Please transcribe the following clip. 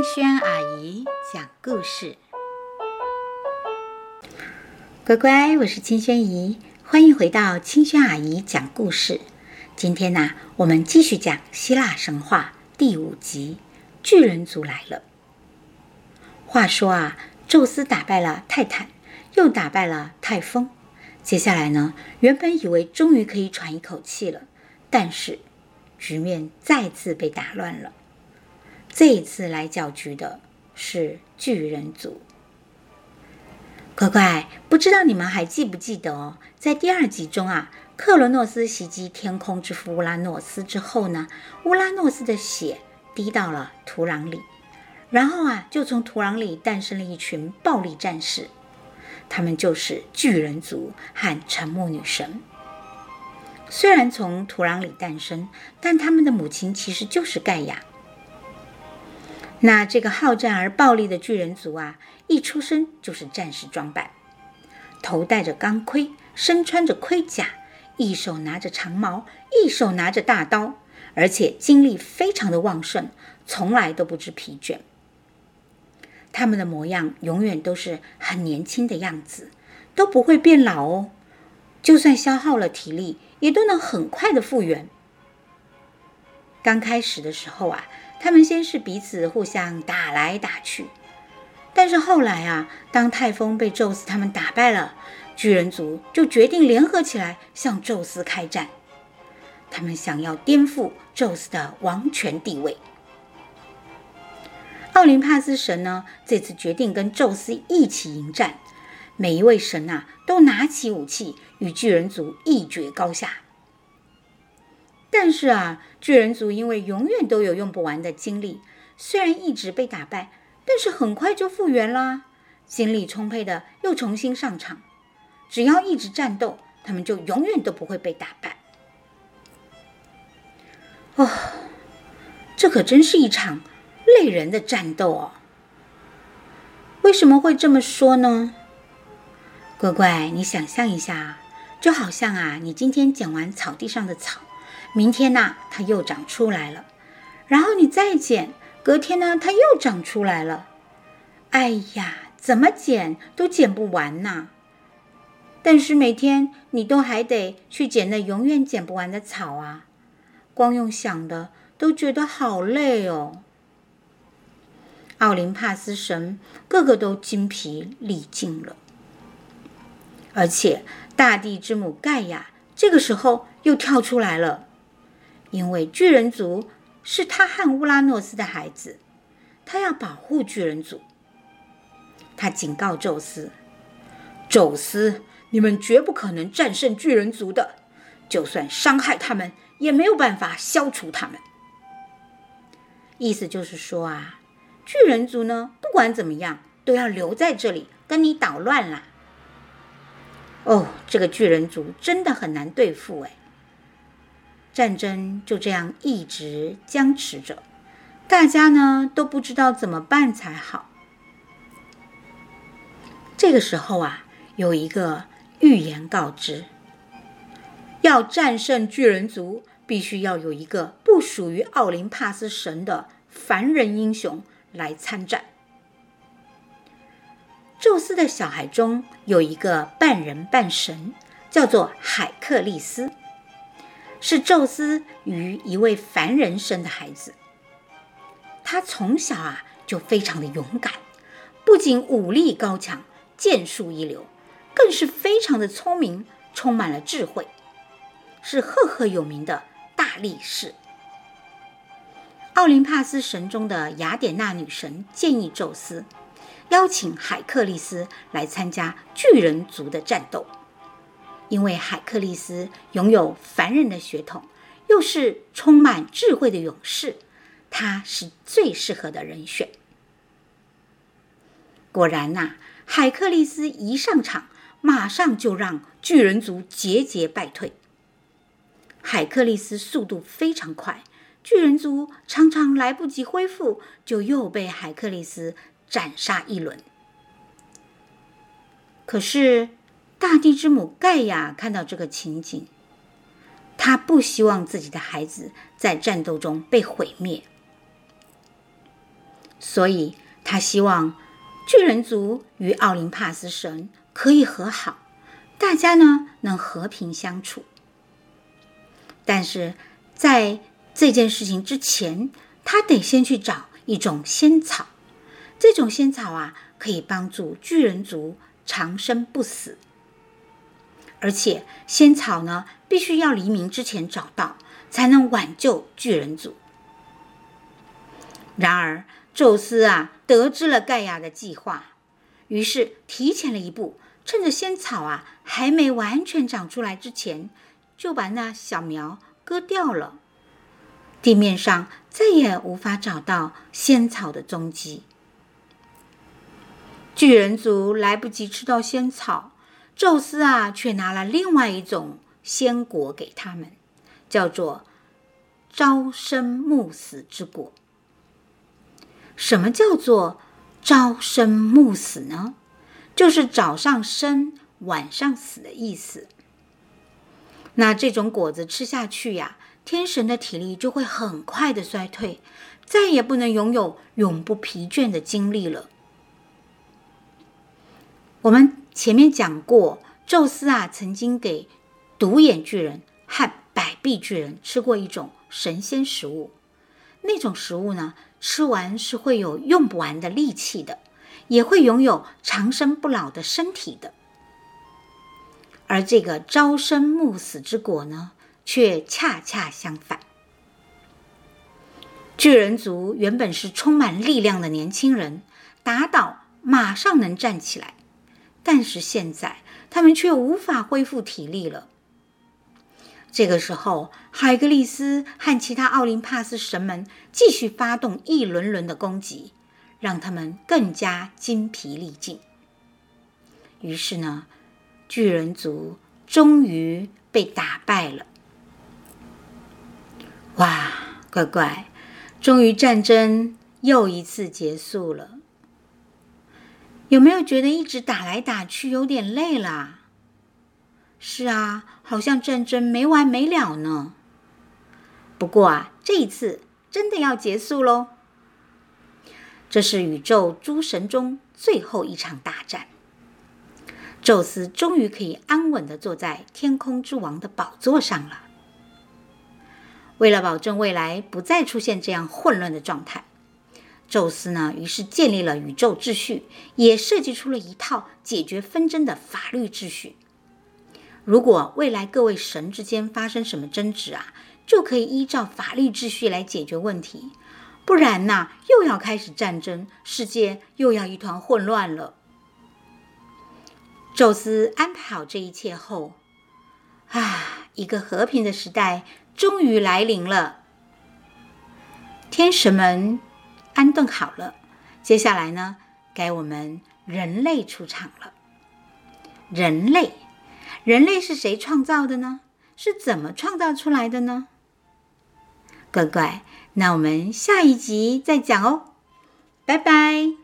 青萱阿姨講故事，乖乖，我是青萱阿姨，歡迎回到青萱阿姨講故事。今天呢、啊，我們繼續講希臘神話第五集，巨人族來了。話說啊，宙斯打敗了泰坦，又打敗了泰風，接下來呢，原本以為終於可以喘一口氣了，但是局面再次被打亂了。這一次來攪局的是巨人族。乖乖，不知道你們還記不記得哦？在第二集中啊，克羅諾斯襲擊天空之父烏拉諾斯之後呢，烏拉諾斯的血滴到了土壤裡，然後啊，就從土壤裡誕生了一群暴力戰士，他們就是巨人族和沉默女神。雖然從土壤裡誕生，但他們的母親其實就是蓋亞。那這個好戰而暴力的巨人族啊，一出生就是戰士裝扮，頭戴着鋼盔，身穿着盔甲，一手拿着長矛，一手拿着大刀，而且精力非常的旺盛，從來都不知疲倦。他們的模樣永遠都是很年輕的樣子，都不會變老哦。就算消耗了體力，也都能很快的復原。剛開始的時候啊。他們先是彼此互相打來打去，但是後來啊，當泰豐被宙斯他們打敗了，巨人族就決定聯合起來向宙斯開戰。他們想要顛覆宙斯的王權地位。奧林帕斯神呢，這次決定跟宙斯一起迎戰。每一位神啊，都拿起武器與巨人族一決高下。但是啊，巨人族因為永遠都有用不完的精力，雖然一直被打敗，但是很快就復原啦，精力充沛的又重新上場。只要一直戰鬥，他們就永遠都不會被打敗。哦，這可真是一場累人的戰鬥哦。為什麼會這麼說呢？乖乖，你想象一下，就好像啊，你今天剪完草地上的草。明天吶，它又長出來了，然後你再剪，隔天呢，它又長出來了。哎呀，怎麼剪都剪不完吶！但是每天你都還得去剪那永遠剪不完的草啊，光用想的都覺得好累哦。奧林帕斯神個個都筋疲力盡了，而且大地之母蓋亞這個時候又跳出來了。因為巨人族是他和烏拉諾斯的孩子，他要保護巨人族。他警告宙斯：“宙斯，你們絕不可能戰勝巨人族的，就算傷害他們，也沒有辦法消除他們。”意思就是說啊，巨人族呢，不管怎麼樣，都要留在這裡跟你搗亂啦。哦，這個巨人族真的很難對付誒。戰爭就這樣一直僵持着，大家呢都不知道怎麼辦才好。這個時候啊，有一個預言告知：要戰勝巨人族，必須要有一個不屬於奧林帕斯神的凡人英雄來參戰。宙斯的小孩中有一個半人半神，叫做海克利斯。是宙斯與一位凡人生的孩子。他從小啊就非常的勇敢，不僅武力高強、劍術一流，更是非常的聰明，充滿了智慧，是赫赫有名的大力士。奧林帕斯神中的雅典娜女神建議宙斯邀請海克力斯來參加巨人族的戰鬥。因為海克力斯擁有凡人的血統，又是充滿智慧的勇士，他是最適合的人選。果然吶、啊，海克力斯一上場，馬上就讓巨人族節節敗退。海克力斯速度非常快，巨人族常常來不及恢復，就又被海克力斯斬殺一輪。可是。大地之母蓋亞看到這個情景，她不希望自己的孩子在戰鬥中被毀滅，所以她希望巨人族與奧林帕斯神可以和好，大家呢能和平相處。但是在這件事情之前，她得先去找一種仙草，這種仙草啊可以幫助巨人族長生不死。而且仙草呢，必須要黎明之前找到，才能挽救巨人族。然而，宙斯啊，得知了蓋亞的計劃，於是提前了一步，趁着仙草啊還沒完全長出來之前，就把那小苗割掉了。地面上再也無法找到仙草的蹤跡，巨人族來不及吃到仙草。宙斯啊，卻拿了另外一種仙果給他們，叫做“朝生暮死之果”。什麼叫做“朝生暮死”呢？就是早上生，晚上死的意思。那這種果子吃下去呀、啊，天神的體力就會很快的衰退，再也不能擁有永不疲倦的精力了。我們。前面講過，宙斯啊曾經給獨眼巨人和百臂巨人吃過一種神仙食物，那種食物呢，吃完是會有用不完的力氣的，也會擁有長生不老的身體的。而這個朝生暮死之果呢，卻恰恰相反。巨人族原本是充滿力量的年輕人，打倒馬上能站起來。但是現在，他們卻無法恢復體力了。這個時候，海格力斯和其他奧林帕斯神們繼續發動一輪輪的攻擊，讓他們更加精疲力盡。於是呢，巨人族終於被打敗了。哇，乖乖，終於戰爭又一次結束了。有沒有覺得一直打來打去有點累了？是啊，好像戰爭沒完沒了呢。不過啊，這一次真的要結束嘍。這是宇宙諸神中最後一場大戰。宙斯終於可以安穩地坐在天空之王的寶座上了。為了保證未來不再出現這樣混亂的狀態。宙斯呢，於是建立了宇宙秩序，也設計出了一套解決紛爭的法律秩序。如果未來各位神之間發生什麼爭執啊，就可以依照法律秩序來解決問題。不然吶、啊，又要開始戰爭，世界又要一團混亂了。宙斯安排好這一切後，啊，一個和平的時代終於來臨了。天神們安頓好了，接下來呢，該我們人類出場了。人類，人類是誰創造的呢？是怎麼創造出來的呢？乖乖，那我們下一集再講哦，拜拜。